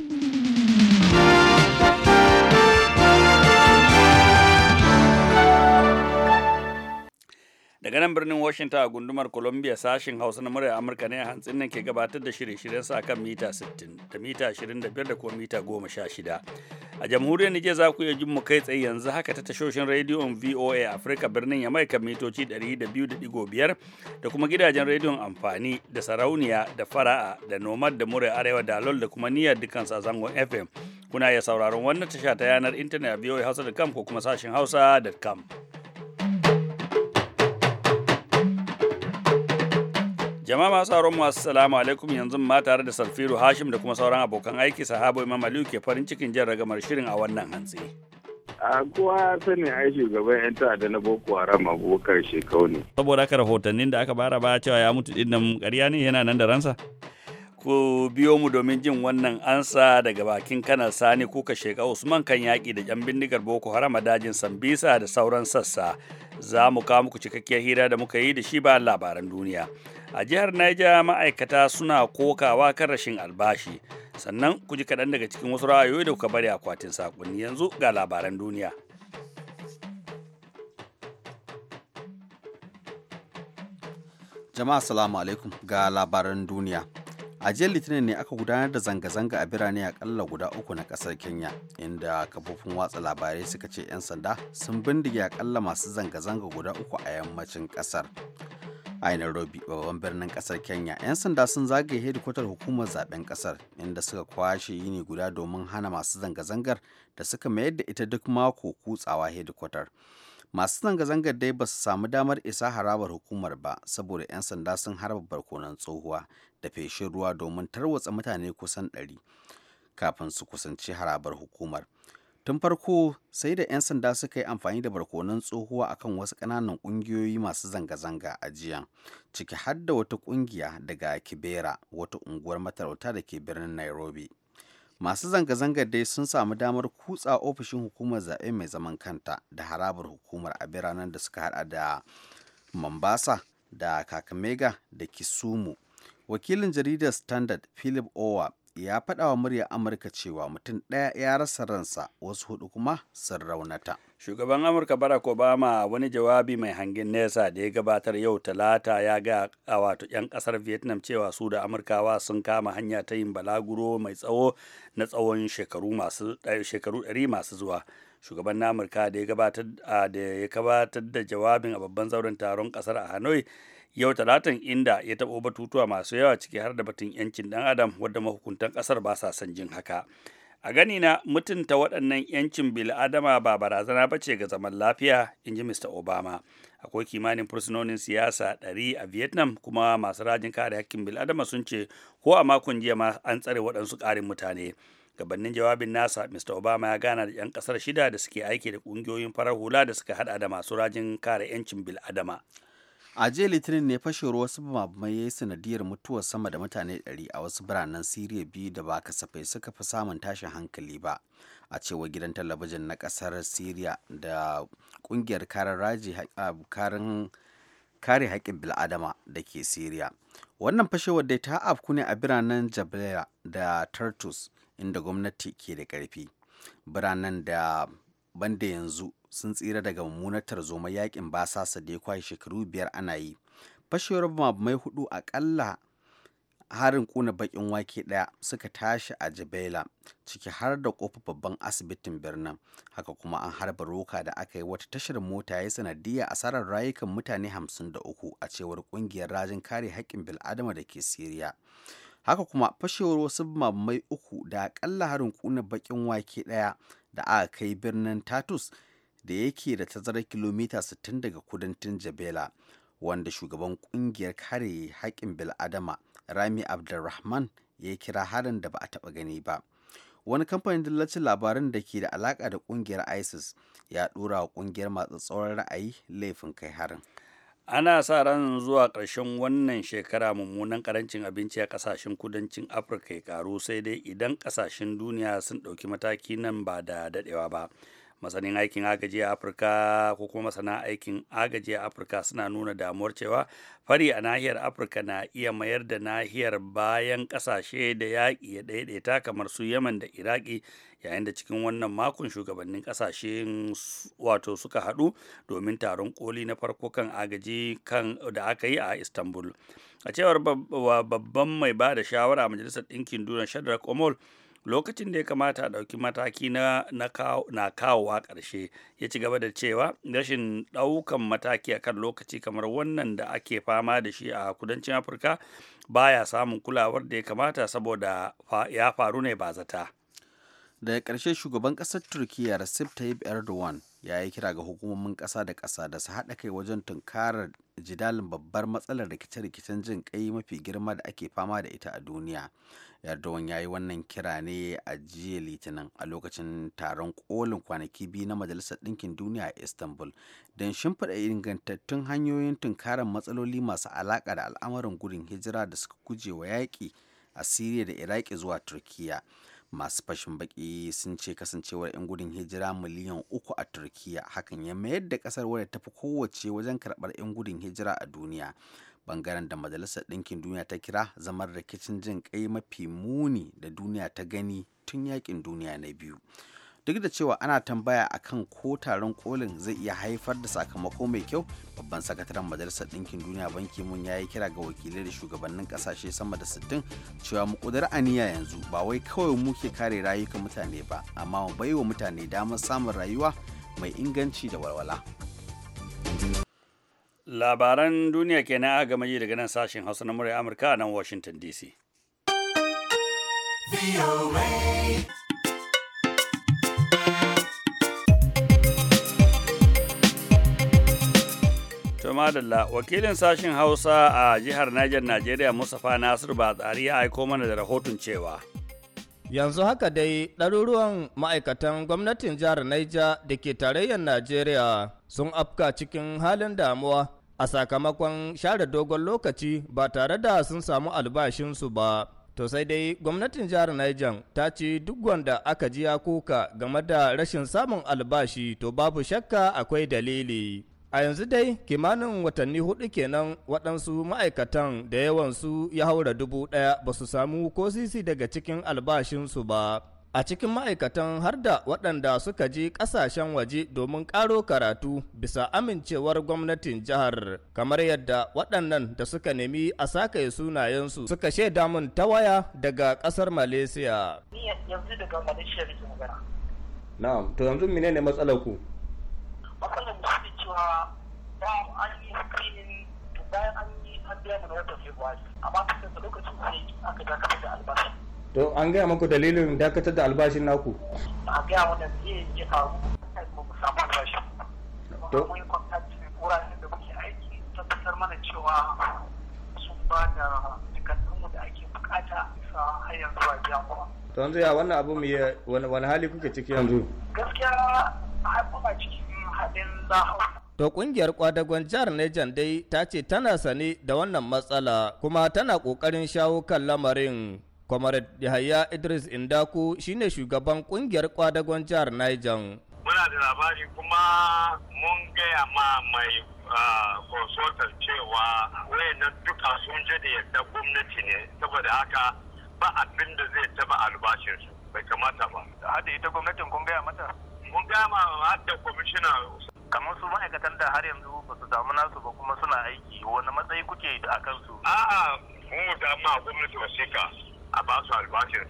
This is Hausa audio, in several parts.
Mm-hmm. daga nan birnin washington a gundumar columbia sashin hausa na murya amurka ne a hantsin nan ke gabatar da shirye-shiryen sa kan mita 60 da mita 25 da kuma mita 16 a jamhuriyar nijar za ku iya jin mu kai tsaye yanzu haka ta tashoshin rediyon voa afirka birnin ya kan mitoci 200.5 da kuma gidajen rediyon amfani da sarauniya da fara'a da nomad da murya arewa da lol da kuma niyyar dukkan zangon fm kuna iya sauraron wannan tasha ta yanar intanet a voa hausa.com ko kuma sashin hausa.com Jama'a masu sauran mu assalamu alaikum yanzu ma tare da Salfiru, Hashim da kuma sauran abokan aiki sahabo Imam Aliyu ke farin cikin jin ragamar shirin a wannan hantsi. A kowa sani ai shugaban 'yan ta'adda na Boko Haram Abubakar Shekau ne. Saboda haka rahotannin da aka bara ba cewa ya mutu din nan ƙarya ne yana nan da ransa. Ku biyo mu domin jin wannan ansa daga bakin kanar Sani kuka Shekau Usman kan yaƙi da 'yan bindigar Boko Haram a dajin Sambisa da sauran sassa. za mu kawo muku cikakkiyar hira da muka yi da shi ba labaran duniya a jihar Niger ma'aikata suna kokawa kan rashin albashi sannan ku ji kaɗan daga cikin wasu ra'ayoyi da kuka bari akwatin sakonni yanzu ga labaran duniya jama'a salamu alaikum ga labaran duniya a jiya litinin ne aka gudanar da zanga-zanga a birane akalla guda uku na kasar kenya inda kafofin watsa labarai suka ce 'yan sanda sun bindige akalla masu zanga-zanga guda uku a yammacin kasar a nairobi babban birnin kasar kenya 'yan sanda sun zagaye hedikwatar hukumar zaben kasar inda suka kwashe yini guda domin hana masu zanga-zangar da suka mayar da ita duk mako kutsawa hedikwatar. masu zanga-zangar dai ba su samu damar isa harabar hukumar ba saboda 'yan sanda sun haraba barkonan tsohuwa da feshin ruwa domin tarwatsa mutane kusan 100 kafin su kusanci harabar hukumar tun farko sai da 'yan sanda suka yi amfani da barkonan tsohuwa akan wasu ƙananan ƙungiyoyi masu zanga-zanga a jiya ciki har da wata ƙungiya daga kibera wata unguwar matarauta da ke birnin nairobi masu zanga-zangar dai sun samu damar kutsa ofishin hukumar zaɓe mai zaman kanta da harabar hukumar a biranen da suka hada da mombasa da kakamega da kisumu wakilin jaridar standard philip owa ya faɗa wa muryar amurka cewa mutum ɗaya ya rasa ransa wasu hudu kuma sun raunata shugaban amurka barack obama wani jawabi mai hangen nesa da ya gabatar yau talata ya ga a wato 'yan kasar vietnam cewa su da amurkawa sun kama hanya ta yin balaguro mai tsawo na tsawon shekaru 100 eh, masu zuwa shugaban na amurka da ya gabatar da jawabin a babban zauren taron kasar a hanoi yau talatin inda ya taɓo batutuwa masu yawa ciki har da batun yancin ɗan adam wadda mahukuntan ƙasar ba sa son jin haka a gani na mutunta waɗannan yancin bil'adama ba barazana ba ce ga zaman lafiya in ji mr obama akwai kimanin fursunonin siyasa ɗari a vietnam kuma masu rajin kare hakkin bil'adama sun ce ko a makon jiya ma an tsare waɗansu ƙarin mutane gabanin jawabin nasa mr obama ya gana da 'yan kasar shida da suke aiki da kungiyoyin farar hula da suka hada da masu rajin kare 'yancin bil'adama a jiya litinin ne fashewar wasu mabamai ya yi sanadiyar mutuwar sama da mutane 100 a wasu biranen siriya biyu da ba kasafai suka fi samun tashin hankali ba a cewar gidan talabijin na kasar siriya da kungiyar karin raji karin kare haƙƙin bil'adama da ke Siriya. Wannan fashewar dai ta afku ne a biranen Jabaliya da Tartus inda gwamnati ke da ƙarfi. Biranen da banda yanzu sun tsira daga mummunar tarzoma yakin basasa da ya kwashe shekaru biyar ana yi. Fashewar mai hudu akalla harin kuna bakin wake daya suka tashi a jabela ciki har da kofar babban asibitin birnin haka kuma an harba roka da aka yi wata tashar mota ya sanadiyya asarar rayukan mutane 53 a cewar kungiyar rajin kare haƙƙin bil'adama da ke siriya haka kuma fashewar wasu mamai uku da akalla harin kuna bakin wake daya da aka kai birnin tatus da yake da tazarar kilomita 60 daga kudancin jabela wanda shugaban kungiyar kare haƙƙin bil'adama Rami Abdulrahman ya yi kira harin da ba a taɓa gani ba. Wani kamfanin dillacin labarin da ke da alaƙa da ƙungiyar ISIS ya ɗora wa ƙungiyar masu tsoron ra'ayi laifin kai harin. ana sa ran zuwa ƙarshen wannan shekara mummunan ƙarancin abinci a ƙasashen kudancin afirka ya ƙaru sai dai idan ƙasashen duniya sun ɗauki mataki nan ba da daɗewa ba masanin aikin agaji a afirka ko kuma masana aikin agaji a afirka suna nuna damuwar cewa fari a nahiyar afirka na iya mayar da nahiyar bayan kasashe da yaƙi ya ɗaiɗaita kamar su yaman da iraki yayin da cikin wannan makon shugabannin kasashen wato suka haɗu domin taron koli na farko kan agaji da aka yi a istanbul a cewar babban mai ba da shawara a majalisar ɗinkin duniya shadrach omol lokacin da ya kamata a ɗauki mataki na, na kawowa ƙarshe ya ci gaba da cewa rashin ɗaukan mataki a kan lokaci kamar wannan da ake fama da shi a kudancin afirka baya samun kulawar da ya kamata saboda ya faru ne ba zata daga ƙarshe shugaban ƙasar turkiya recep tayyip erdogan ya yi kira ga hukumomin ƙasa da ƙasa da su haɗa kai wajen tunkarar jidalin babbar matsalar rikice-rikicen jin kai mafi girma da ake fama da ita a duniya yardawan ya yi wannan kira ne a jiya litinin a lokacin taron kolin kwanaki biyu na majalisar ɗinkin duniya a istanbul don shimfiɗa ingantattun hanyoyin tunkarar matsaloli masu alaƙa da al'amarin gudun hijira da suka guje wa yaƙi a siriya da iraki zuwa turkiyya. masu fashin baki sun ce kasancewar 'yan gudun hijira miliyan uku a turkiya hakan ya mayar da kasar wadda ta fi kowace wajen karbar 'yan gudun hijira a duniya bangaren da majalisar ɗinkin duniya ta kira zamar rikicin jin kai mafi muni da duniya ta gani tun yakin duniya na biyu duk da cewa ana tambaya akan ko taron kolin zai iya haifar da sakamako mai kyau babban sakataren majalisar ɗinkin duniya banki mun ya yi kira ga wakilai da shugabannin ƙasashe sama da 60 cewa mu ƙudura aniya yanzu ba wai kawai muke kare rayukan mutane ba amma mu baiwa mutane damar samun rayuwa mai inganci da walwala labaran duniya kenan a daga nan sashen hausa na murai amurka nan washington dc To madalla wakilin sashen Hausa a jihar Niger Najeriya Mustapha Nasiru tsari ya aiko mana da rahoton cewa. Yanzu haka dai ɗaruruwan ma'aikatan gwamnatin jihar Niger da ke tarayyar Najeriya sun afka cikin halin damuwa a sakamakon share dogon lokaci ba tare da sun samu albashinsu ba. To sai dai gwamnatin jihar Niger ta ce duk wanda aka ji ya kuka game da rashin samun albashi to babu shakka akwai dalili. A yanzu dai kimanin watanni hudu kenan waɗansu ma'aikatan da yawansu ya haura dubu ɗaya ba su samu ko sisi daga cikin albashinsu ba. A cikin ma'aikatan har da waɗanda suka je ƙasashen waje domin ƙaro karatu bisa amincewar gwamnatin jihar, kamar yadda waɗannan da suka nemi a sakaye sunayensu suka shaida mun ta waya daga ƙasar Malaysia. yanzu daga Malaysia Na'am, to yanzu menene matsalar ku? Matsalar cewa an yi screening bayan an yi mana february aka dakatar to an gaya maku dalilin dakatar da albashin naku a gaya wannan zai ya faru ba mu samu albashin. to yi contact wuraren da muke aiki tabbatar mana cewa sun ba da takardunmu da ake bukata isa har yanzu a biya to yanzu ya wannan abu mu wani hali kuke ciki yanzu gaskiya har kuma ciki To kungiyar kwadagon jihar Nejan dai ta ce tana sane da wannan matsala kuma tana kokarin shawo kan lamarin. Comrade Yahaya Idris Indaku shine shugaban kungiyar kwadagon jihar Niger. Muna da labari kuma mun gaya ma mai consultant cewa wayannan duka sun je da yadda gwamnati ne saboda haka ba abin da zai taba albashinsu bai kamata ba. Hada ita gwamnatin kun gaya mata? mun gama hadda kwamishina kamar su ma'aikatan da har yanzu ba su damu nasu ba kuma suna aiki wani matsayi kuke a kansu a'a mun dama gwamnati wasiƙa a ba su albashin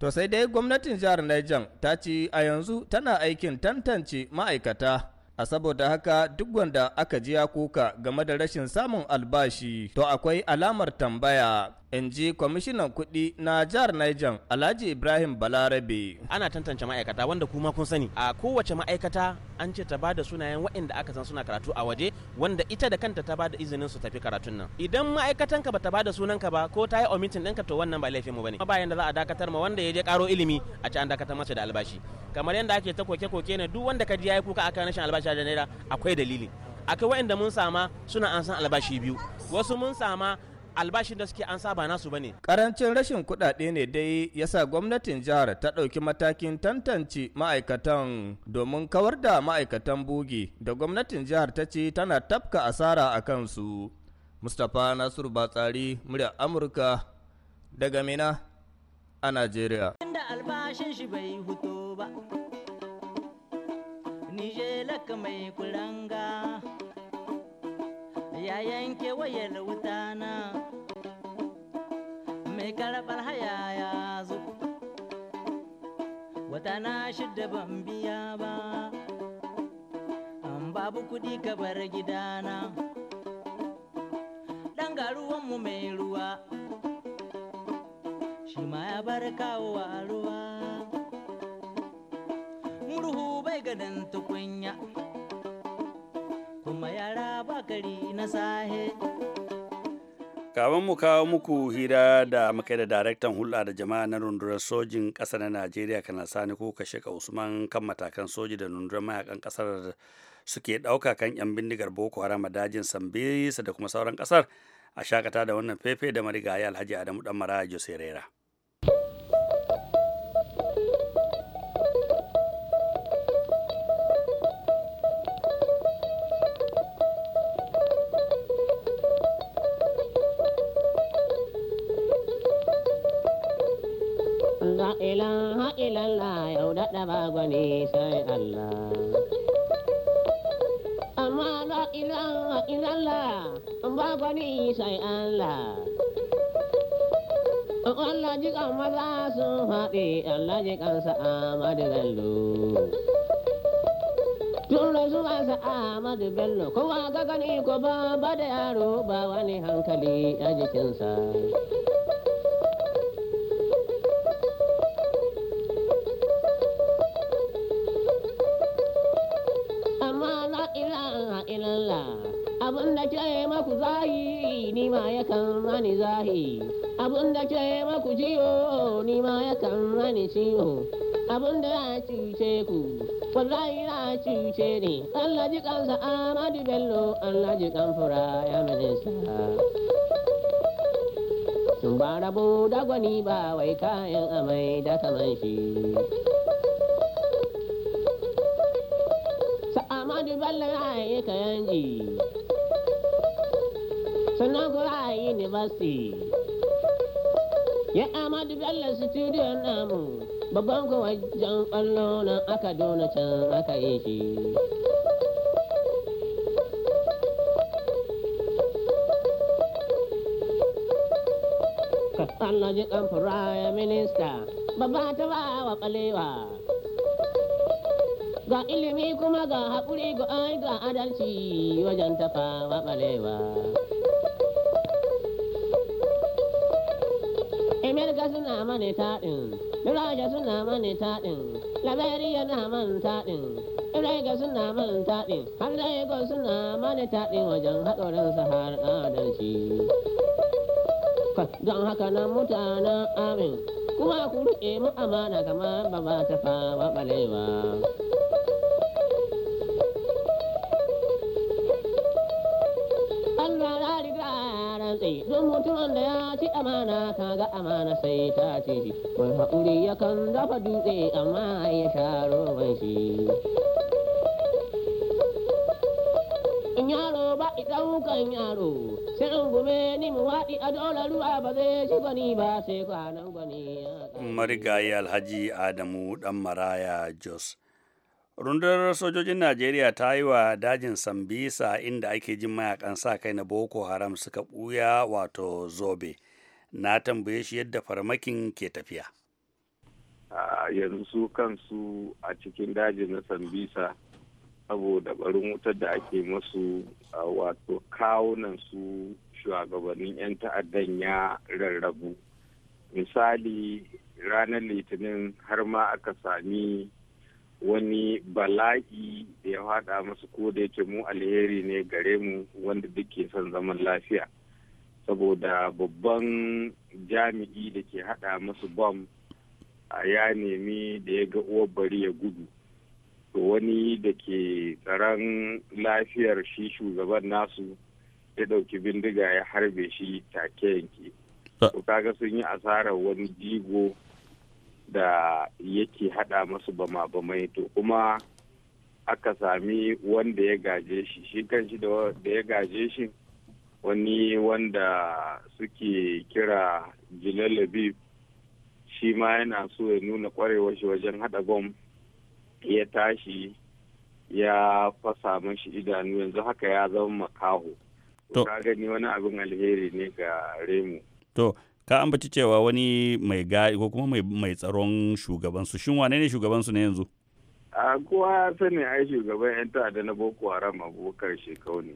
To sai dai gwamnatin jihar Niger ta ce a yanzu tana aikin tantance ma'aikata, a saboda haka duk wanda aka ji ya kuka game da rashin samun albashi, to akwai alamar tambaya. in ji kwamishinan kuɗi na jihar Niger Alhaji Ibrahim Balarabe. Ana tantance ma'aikata wanda kuma kun sani a kowace ma'aikata an ce ta ba da sunayen waɗanda aka san suna karatu a waje wanda ita da kanta ta ba da izinin su tafi karatun nan. Idan ka ba ta ba da ka ba ko ta yi omitin ɗinka to wannan ba laifin mu bane. Bayan da za a dakatar ma wanda ya je karo ilimi a ci an dakatar masa da albashi. Kamar yadda ake ta koke-koke ne duk wanda ka ji ya yi kuka akan rashin albashi da naira akwai dalili. Akwai waɗanda mun sama suna an san albashi biyu. Wasu mun sama albashin da suke an saba nasu bane karancin rashin kuɗaɗe ne dai yasa gwamnatin jihar ta ɗauki matakin tantance ma'aikatan domin kawar da ma'aikatan bugi da gwamnatin jihar ta ce tana tafka asara a kansu mustapha nasiru batsari murya amurka daga mina a najeriya inda albashin shi bai ba mai kuranga ya yanke wuta na mai karɓar haya ya zo wata na shida ban biya ba an babu kuɗi ka bar gidana ɗan garuwanmu mai ruwa shi ma ya bar kawo ruwa murhu bai ganin tukunya ba yara bakari na sahe. mu kawo muku hira da muka da daraktan hulɗa da jama'a na rundunar sojin ƙasa na Najeriya kana sani ko kashe Usman kan matakan soji da rundunar mayakan ƙasar suke ɗauka kan 'yan bindigar Boko Haram a dajin Sambisa da kuma sauran ƙasar a shakata da wannan fefe da marigayi Alhaji Adamu Ɗanmara Jose Herrera. ha'ilallah yau daɗa ba gwani sai Allah. Amma la ilaha illallah ba gwani sai Allah. Allah ji kan maza sun haɗe, Allah ji kan sa'amadu gallo. Tun rasuwa sa'amadu bello, kowa ga gani ko ba ba da yaro ba wani hankali a jikinsa. abun da ke maku ciwo ni ma yakan rani ciwo abun da ya cuce ku wallahi ya cuce ni Allah ji kansa Amadu Bello Allah ji kan fura ya minista sun ba rabo da gwani ba wai kayan amai da kaman shi Sa'amadu Bello ya yi kayan ji sannan ku ya ya amadu bello studio namu babban wajen kwallo na aka dona can aka yi shi Allah ji kan minista babba ta ba wa kalewa ga ilimi kuma ga haƙuri ga adalci wajen tafa wa kalewa. suna mani taɗin, Duraja suna mani taɗin, Laberiya na man taɗin, suna man taɗin, har Lagos suna mani taɗin wajen haɗorin sahar adalci. Don haka na mutanen amin, kuma ku riƙe mu amana kamar ba ba ta fa balewa. amana ka ga amana sai ta ce shi mai haƙuri kan dafa dutse amma ya sharo mai shi yaro ba ɗaukan yaro sai in gume ni mu waɗi a dole ruwa ba zai shi gani ba sai kwanan gwani marigayi alhaji adamu dan maraya jos rundunar sojojin najeriya ta yi wa dajin sambisa inda ake jin mayakan sa kai na boko haram suka ɓuya wato zobe na tambaye shi yadda farmakin ke tafiya yanzu su kansu a cikin daji na sambisa saboda barin wutar da ake masu wato kawunan su shugabannin 'yan ta'addan ya rarrabu misali ranar litinin har ma aka sami wani bala'i da ya haɗa masu ko da yake mu alheri ne gare mu wanda duke son zaman lafiya saboda babban jami'i da ke hada masu bom ya nemi da ya ga uwar bari ya gudu to wani da ke tsaron lafiyar shi shugaban nasu ya dauki bindiga ya harbe shi take yanke to kaga sun yi asarar wani jigo da yake hada masu bama-bamai to kuma aka sami wanda ya gaje shi shi kan shi da ya gaje shi wani wanda suke kira jilalabi Labib shi ma yana so ya nuna kwarewar shi wajen haɗa bom ya tashi ya fasa mashi idanu yanzu haka ya zama makaho. To, ka gani wani abin alheri ne ga Remu. To, ka ambaci cewa wani mai ga ko kuma mai tsaron shugabansu, shin wane ne shugabansu na yanzu? a kowa sani ai shugaban 'yan ta'adda na boko haram abubakar shekau ne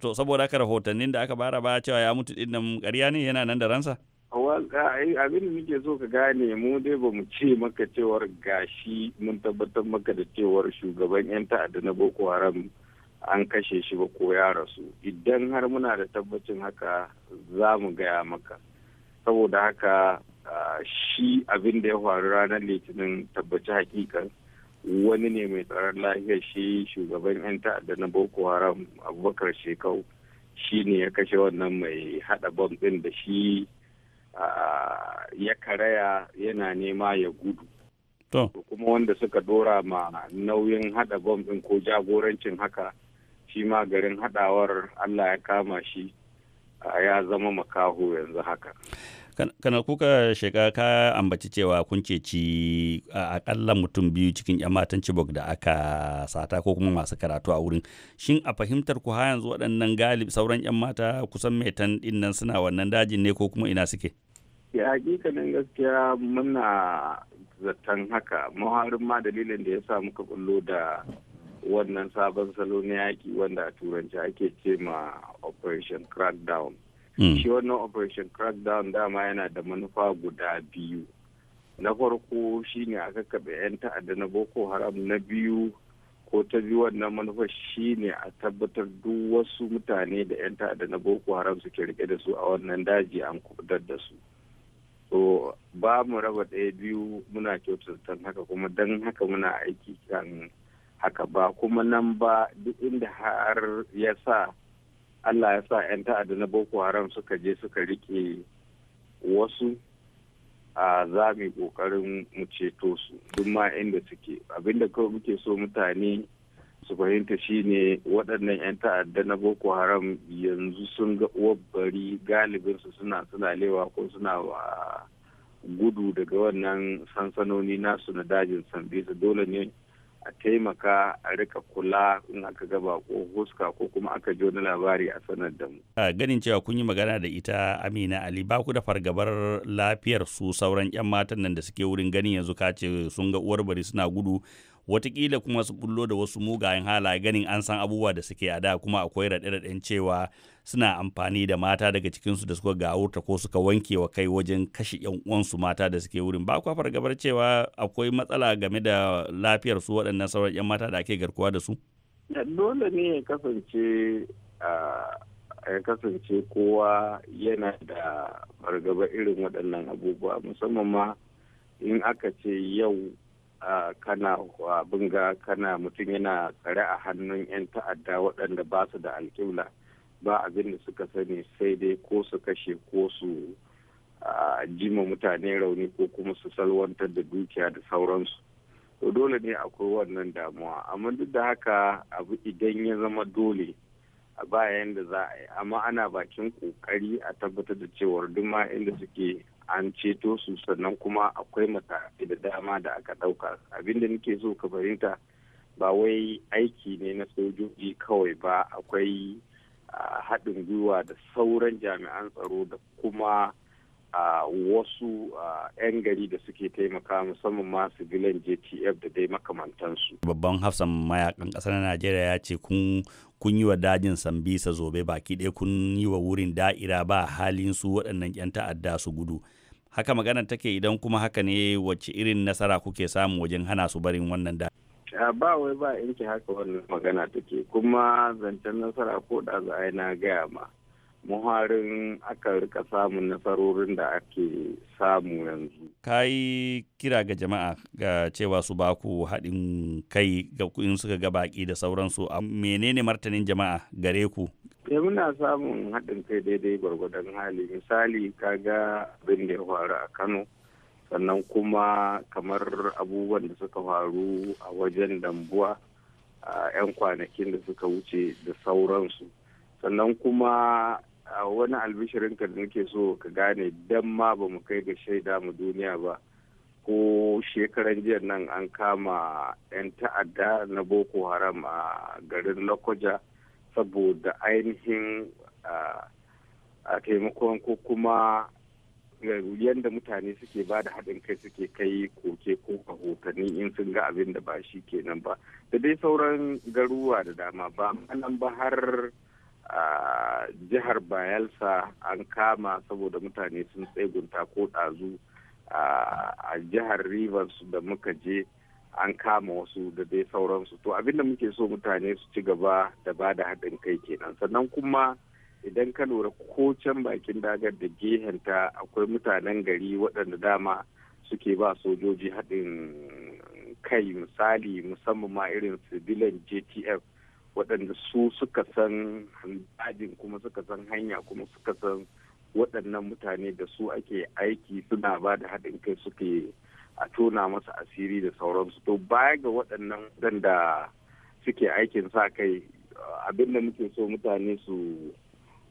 to saboda haka rahotannin da aka bara ba cewa ya mutu din nan ƙarya ne yana nan da ransa abin da muke so ka gane mu dai ba mu ce maka cewar gashi mun tabbatar maka da cewar shugaban 'yan ta'adda na boko haram an kashe shi ba ko ya rasu idan har muna da tabbacin haka za mu gaya maka saboda haka shi abin da ya faru ranar litinin tabbaci hakikan wani ne mai tsaron lafiyar shi shugaban 'yan ta'adda na boko haram abubakar shekau shi ne ya kashe wannan mai hada bom din da shi ya karaya yana nema ya gudu kuma wanda suka dora ma nauyin hada bom din ko jagorancin haka shi ma garin hadawar allah ya kama shi ya zama makaho yanzu haka kana kuka shiga ka ambaci cewa kun ci akalla mutum biyu cikin 'yan matan cibok da aka sata ko kuma masu karatu a wurin shin a fahimtar ku ha yanzu waɗannan galib sauran 'yan mata kusan metan ɗin nan suna wannan dajin ne ko kuma ina suke ya hakikanin gaskiya muna zaton haka muharin ma dalilin da ya sa muka kullo da wannan sabon salo na yaki wanda a turanci ake ce ma operation crackdown Mm. shi wannan operation crackdown dama yana da manufa guda biyu na farko shine a kakkaɓe 'yan ta'adda na boko haram na biyu ko ta biyu wannan shi shine a tabbatar duk wasu mutane da 'yan ta'adda na boko haram suke rike da su a wannan daji an kubutar da su so ba mu raba ɗaya biyu muna kyautata haka kuma don haka muna aiki kan haka ba kuma nan ba duk inda har ya sa allah ya sa 'yan ta'adda na boko haram suka je suka rike wasu a za mu kokarin mu ceto su duk ma inda suke abinda kawai muke so mutane su fahimta shine waɗannan 'yan ta'adda na boko haram yanzu sun ga wabbari galibinsu suna sulalewa ko suna gudu daga wannan sansanoni nasu na dajin sambisa dole ne a taimaka a rika kula in aka gaba ko huska ko kuma aka ji wani labari a sanar da mu. ganin cewa kun yi magana da ita Amina Ali ba ku da fargabar lafiyar su sauran 'yan matan nan da suke wurin ganin yanzu kace sun ga uwar bari suna gudu watakila kuma su bullo da wasu mugayen halaye ganin an san abubuwa da suke a da kuma akwai raɗe-raɗen cewa suna amfani da mata daga cikinsu da suka gawurta ko suka wanke wa kai wajen kashe yan uwansu mata da suke wurin ba kwa fargabar cewa akwai matsala game da lafiyar su waɗannan sauran yan mata da ake garkuwa da su dole ne ya kasance ya kasance kowa yana da fargaba irin waɗannan abubuwa musamman ma in aka ce yau kana abin ga kana mutum yana tsare a hannun 'yan ta'adda waɗanda ba su da alƙibla ba abin da suka sani sai dai ko su kashe ko su jima mutane rauni ko kuma su salwantar da dukiya da sauransu to dole ne akwai wannan damuwa amma duk da haka abu idan ya zama dole a bayan da za a yi amma ana bakin kokari a tabbatar da cewar duk ma inda suke an ceto su sannan kuma akwai matakai da dama da aka ɗauka abinda nake so ka fahimta ba wai aiki ne na sojoji kawai ba akwai ah, haɗin gwiwa da sauran jami'an tsaro da kuma a wasu 'yan gari da suke taimaka musamman ma civilian jtf da dai makamantansu babban hafsan mayakan na najeriya ya ce kun kun yi wa dajin sambisa zobe baki ɗaya kun yi wa wurin da'ira ba halin su waɗannan 'yan ta'adda su gudu haka magana take idan kuma haka ne wacce irin nasara kuke samu wajen hana su barin wannan da ba wai ba yanke haka wannan magana take kuma zancen nasara ko da za a yi na gaya ma muharin aka rika samun nasarorin da ake samu yanzu. Ka yi kira ga jama'a ga cewa su ba ku haɗin kai ga in suka ga baƙi da sauransu a menene martanin jama'a gare ku? Ya eh, muna samun haɗin kai daidai gwargwadon hali misali kaga abin da ya faru a Kano sannan kuma kamar abubuwan da suka faru a wajen dambuwa a 'yan kwanakin da suka wuce da sauransu sannan kuma a wani albishirinka da nake so ka gane dan ma ba mu kai ga shaida mu duniya ba ko shekaran jiya nan an kama 'yan ta'adda na boko haram a garin lokoja saboda ainihin a taimakon ko kuma yadda mutane suke ba da haɗin kai suke kai koke ko rahotanni in sun ga abin da ba shi kenan ba da dai sauran garuwa da dama ba nan ba har a jihar bayelsa an kama saboda mutane sun tsegunta ko ɗazu a jihar rivers da muka je an kama wasu da dai sauransu to abinda muke so mutane su ci gaba da ba da haɗin kai kenan sannan kuma idan ka lura ko can bakin dagar da gehenta akwai mutanen gari waɗanda dama suke ba sojoji haɗin kai misali musamman ma irin civilian jtf waɗanda su suka san dajin kuma suka san hanya kuma suka san waɗannan mutane da su ake aiki suna ba da haɗin kai suke a tona masa asiri da sauransu to baya ga waɗannan waɗanda suke aikin sa kai abin da muke so mutane su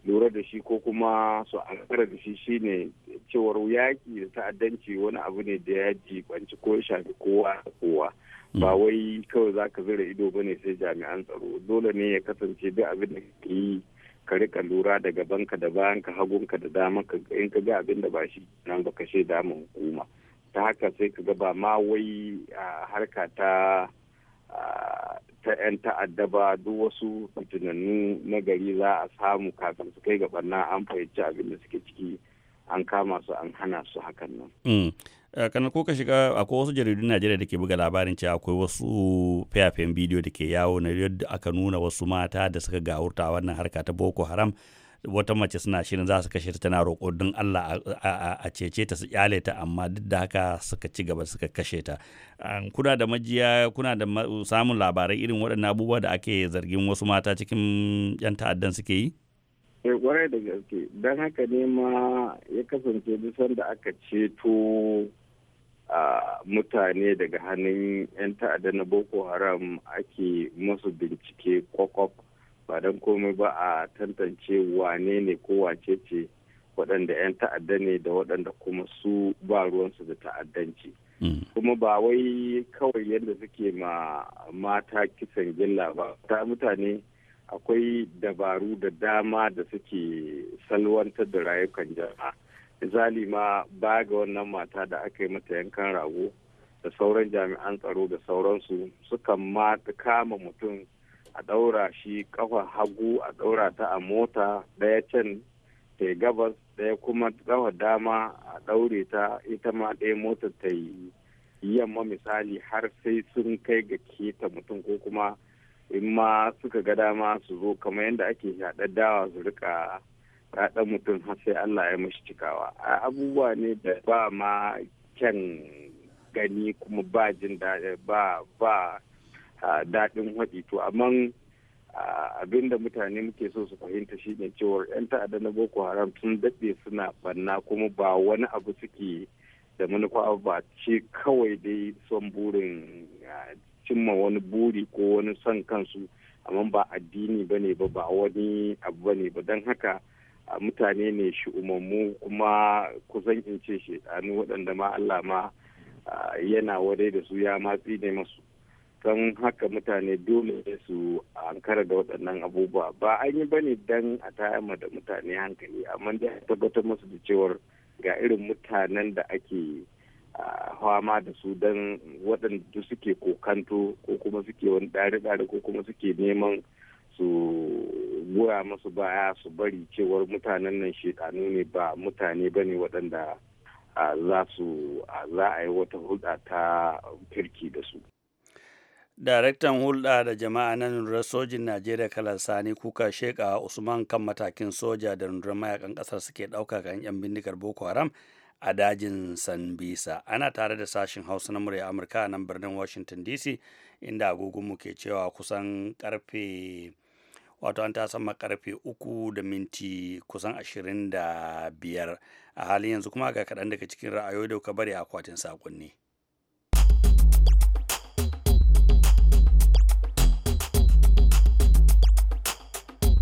lura da shi ko kuma su ankara da shi shine cewar yaƙi da ta'addanci wani abu ne da ya jiɓanci ko ya shafi kowa da kowa ba mm. wai kawai za ka zira ido ba ne sai jami'an tsaro dole ne ya kasance duk abin da ka yi ka rika lura da gabanka da bayanka hagunka da dama ka in ka ga abin da ba shi nan ba ka shaida mu hukuma ta haka sai ka ga ba ma wai harka ta ta 'yan ta'adda ba duk wasu tunanin na gari za a samu kafin su kai ga barna an fahimci abin da suke ciki an kama su an hana su hakan nan. Mm. Eh, kana ko ka shiga akwai wasu jaridun najeriya da ke buga labarin cewa akwai wasu fayafen bidiyo da ke yawo na yadda aka nuna wasu mata da suka gawurta wannan harka ta boko haram wata mace suna shirin za su kashe ta tana roƙo don Allah a cece ta su kyale ta amma duk da haka suka ci gaba suka kashe ta kuna da majiya kuna da samun labarai irin waɗannan abubuwa da ake zargin wasu mata cikin yan ta'addan suke yi eh kwarai da gaske don haka ne ma ya kasance duk da aka ceto mutane daga hannun 'yan ta'adda na boko haram ake masu bincike kwakwak ba don komai ba a tantance wane ne ko wace ce waɗanda 'yan ta'adda ne da waɗanda kuma su ba ruwansu da ta'addanci hmm. kuma ba wai kawai yadda suke ma mata kisan gilla ba ta mutane akwai dabaru da dama da suke salwantar da rayukan jama'a zalima ba ga wannan mata da aka yi mata yankan rago da sauran jami'an tsaro da sauransu suka ma kama mutum a ɗaura shi ƙafa hagu a ɗaura ta a mota ɗaya can ta yi gabas ɗaya kuma kafa dama a ɗaure ta ita ma ɗaya mota ta yi yamma misali har sai sun kai ga keta mutum ko kuma in ma suka ga dama su zo kamar yadda ake shaɗa dawa su rika ya ɗan mutum har sai Allah ya mashi cikawa abubuwa ne da ba ma kyan gani kuma ba jin daɗi ba ba daɗin haɗi to amma abin da mutane muke so su fahimta shi ne cewar 'yan ta'adda na boko haram sun daɗe suna banna kuma ba wani abu suke da manufa ba ce kawai dai son burin cimma wani buri ko wani son kansu amma ba addini ba ne ba ba wani abu ba ne ba don haka mutane ne shi shi'umammu kuma kusan in ce shi shaidanu waɗanda ma Allah ma yana wadai da su ya matsi ne masu don haka mutane dole ne su ankara da waɗannan abubuwa ba an yi bane dan a tayama da mutane hankali amma da tabbatar masu da cewar ga irin mutanen da ake hama da su don waɗanda suke kokanto ko kuma suke wani ɗari ɗari ko kuma suke neman su goya masu baya su bari cewar mutanen nan shekanu ne ba mutane ba ne waɗanda za su za a yi wata hulɗa ta kirki da su. Daraktan hulɗa da jama'a na rundunar sojin Najeriya kalar sani kuka sheka Usman kan matakin soja da rundunar mayakan ƙasar suke ɗauka kan 'yan bindigar Boko Haram a dajin Sanbisa. Ana tare da sashin Hausa na murya Amurka a nan birnin Washington DC inda agogonmu ke cewa kusan karfe wato an ta sama karfe uku da minti kusan ashirin da biyar a halin yanzu kuma ga kaɗan daga cikin ra'ayoyi da kuka bari akwatin saƙonni.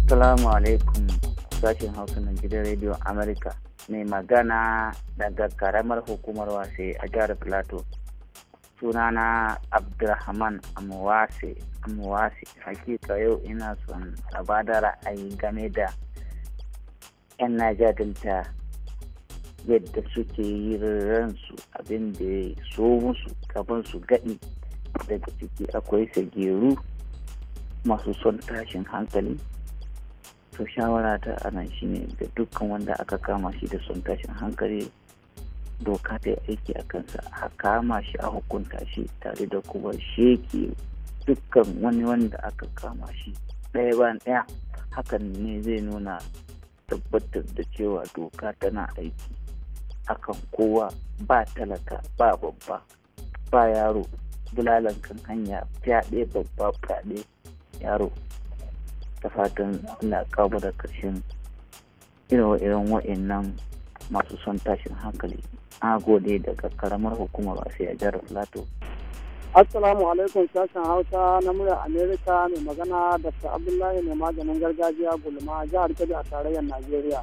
Salamu alaikum sashen Hausa na gidan Radio America mai magana daga karamar hukumar wase a jihar Plateau. sunana abdulrahman amuwase amuwase hakika yau ina son a bada ra'ayi game da 'yan najadinta yadda suke yi ransu abin da ya so musu kafin su gaɗi daga ciki akwai sageru masu son tashin hankali to shawara ta anan shine ga dukkan wanda aka kama shi da son tashin hankali doka ta aiki a kansa a kama shi a hukunta shi tare da kuma sheke dukkan wani wanda aka kama shi ɗaya ba ɗaya hakan ne zai nuna tabbatar da cewa doka tana aiki akan kowa ba talaka ba babba ba yaro bulalan kan hanya fyaɗe babba fyaɗe yaro ta fatan ina kawo da ƙarshen irin wa'in nan masu son tashin hankali a gode daga karamar hukumar wasu ya jihar plateau assalamu alaikum sashen hausa na murya amerika mai magana dr abdullahi mai maganin gargajiya gulma jihar kebbi a tarayyar najeriya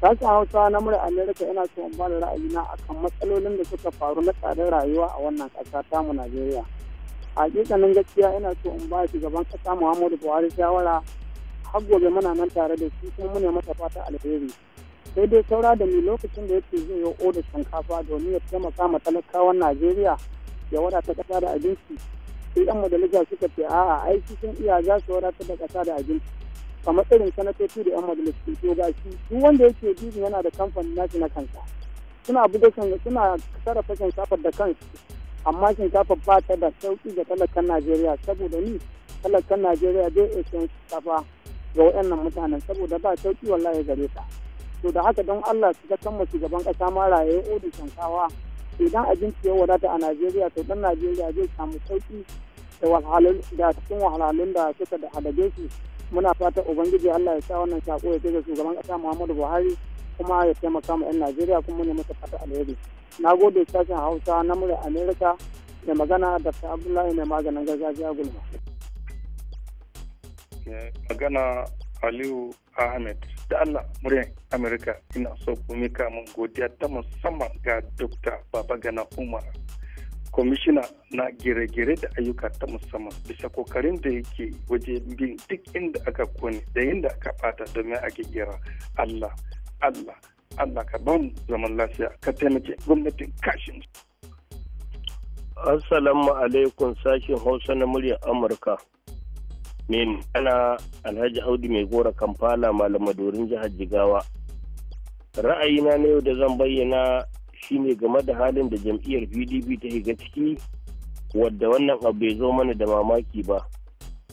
sashen hausa na murya amerika yana so in bada ra'ayina akan matsalolin da suka faru na tsadar rayuwa a wannan ƙasa tamu najeriya hakikanin gaskiya yana so in ba gaban ƙasa muhammadu buhari shawara har gobe muna nan tare da shi kuma muna masa fata alheri sai dai saura da mai lokacin da yake zai yi oda shinkafa domin ya taimaka ma talakawan najeriya ya wadata kasa da abinci sai yan majalisa suka ce a aiki sun iya za su wadatar da kasa da abinci kamar irin sanatoci da yan majalisa to ga shi duk wanda yake dubi yana da kamfanin nashi na kansa suna buga suna sarrafa shinkafar da kansu amma shinkafar ba ta da sauki ga talakan najeriya saboda ni talakan najeriya dai ya shinkafar ga waɗannan mutanen saboda ba sauki wallahi gare ta to da haka don Allah su kan gaban kasa ya yi odi shankawa idan abinci ya wadata a Najeriya to dan Najeriya zai samu sauki da wahalhalun da cikin wahalhalun da suka da adage su muna fata ubangiji Allah ya sa wannan sako ya kai ga shugaban kasa Muhammadu Buhari kuma ya taimaka ma 'yan Najeriya kuma ne masa fata alheri. Na gode sashen Hausa na mura Amerika mai magana da Abdullahi mai maganin gargajiya gulma. Magana Aliyu Ahmed da Allah muryar Amerika ina so ku mika min godiya ta musamman ga Dr. Babagana Umar kwamishina na gire-gire da ayyuka ta musamman bisa kokarin da yake waje bin duk inda aka kone da inda aka bata domin a gira Allah Allah Allah ka ban zaman lafiya ka taimake gwamnatin kashin Assalamu alaikum sashin Hausa na muryar Amurka. min ana Alhaji Audu mai gora Kampala malamadorin jihar Jigawa. Ra'ayina na yau da zan bayyana shine game da halin da jam'iyyar PDP ta shiga ciki wadda wannan abu bai zo mana da mamaki ba.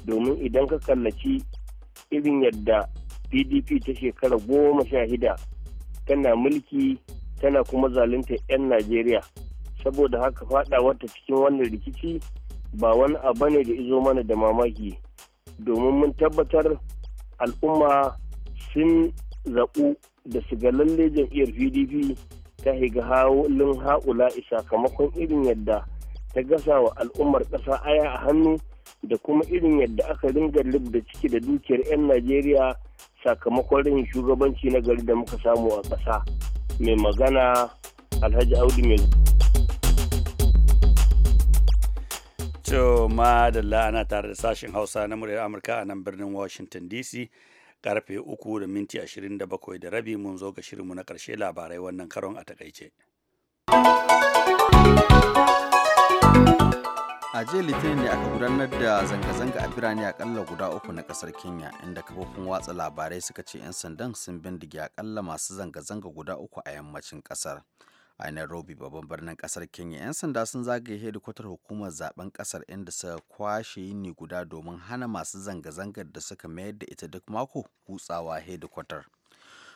Domin idan ka kallaci irin yadda PDP ta shekara goma sha shida tana mulki tana kuma zalunta 'yan Najeriya. Saboda haka fada wata cikin wannan rikici ba wani abu ne da izo mana da mamaki domin mun tabbatar al'umma sun zaɓu da su ga lalle jam'iyyar pdp ta higa halin haula sakamakon irin yadda ta gasa wa al'ummar ƙasa aya a hannu da kuma irin yadda aka ringa lib da ciki da dukiyar 'yan najeriya sakamakon rin shugabanci na gari da muka samu a ƙasa mai magana alhaji audu mai To madalla ana tare da sashen Hausa na muryar Amurka a nan birnin Washington DC karfe uku da minti 27 da rabi mun zo ga shirinmu na karshe labarai wannan karon a takaice. a jiya litinin ne aka gudanar da zanga-zanga a birane akalla guda uku na kasar kenya inda kafofin watsa labarai suka ce 'yan sandan sun bindige akalla masu zanga-zanga guda uku a yammacin kasar. a nairobi babban birnin kasar kenya 'yan sanda sun zagaye hedikwatar hukumar zaben kasar inda suka kwashe yini guda domin hana masu zanga-zangar da suka mayar da ita duk mako kutsawa hedikwatar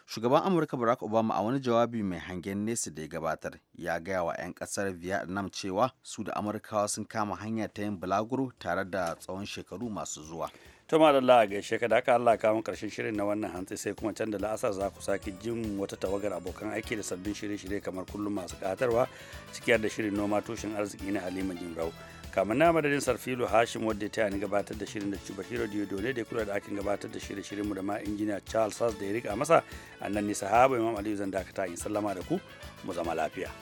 shugaban amurka barack obama a wani jawabi mai hangen nesa da ya gabatar ya gaya wa 'yan kasar vietnam cewa su da amurkawa sun kama hanya ta yin bulaguro tare da tsawon shekaru masu zuwa to da Allah gaishe ka da aka Allah ka kawo karshen shirin na wannan hantsi sai kuma can da la'asar za ku sake jin wata tawagar abokan aiki da sabbin shirye-shirye kamar kullum masu katarwa cikiyar da shirin noma tushen arziki na Halima Jimrau kamar na madadin sarfilu hashim wadda ta yani gabatar da shirin da cibashiro dole da kula da akin gabatar da shirye shirinmu da ma injiniya charles sars da ya rika masa annan ni sahaba imam aliyu zan dakata in sallama da ku mu zama lafiya